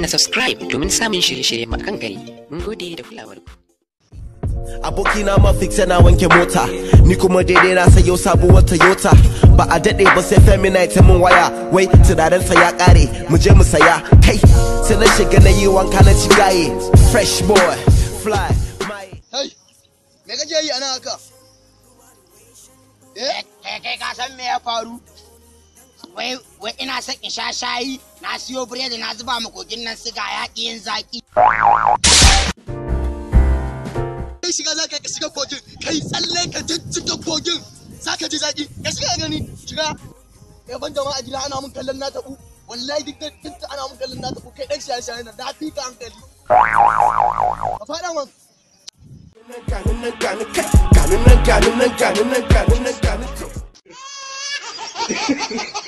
na subscribe domin samun shirye-shirye kan gari. Mun gode da kulawarku. abokina mafix yana wanke mota ni kuma daidai na sayo sabuwar toyota ba a daɗe ba sai feminite ta min waya wai tunaninsa ya ƙare mu je mu saya kai sai na shiga na yi wanka na ci gaye fresh boy fly my hey me kaje yi ana haka eh kai ka san me ya faru wai ina son in sha shayi na siyo biredi na zuba ma kogin nan siga ya yin zaki. Kai shiga za ka shiga kogin, kai tsalle ka jijjiga kogin, za ka ji zaki, ka shiga gani, shiga. Ya ban jama'a a gida ana mun kallon na taɓu, wallahi duk da tinta ana mun kallon na taɓu, kai ɗan shaye shaye na da fi hankali. faɗa Ganin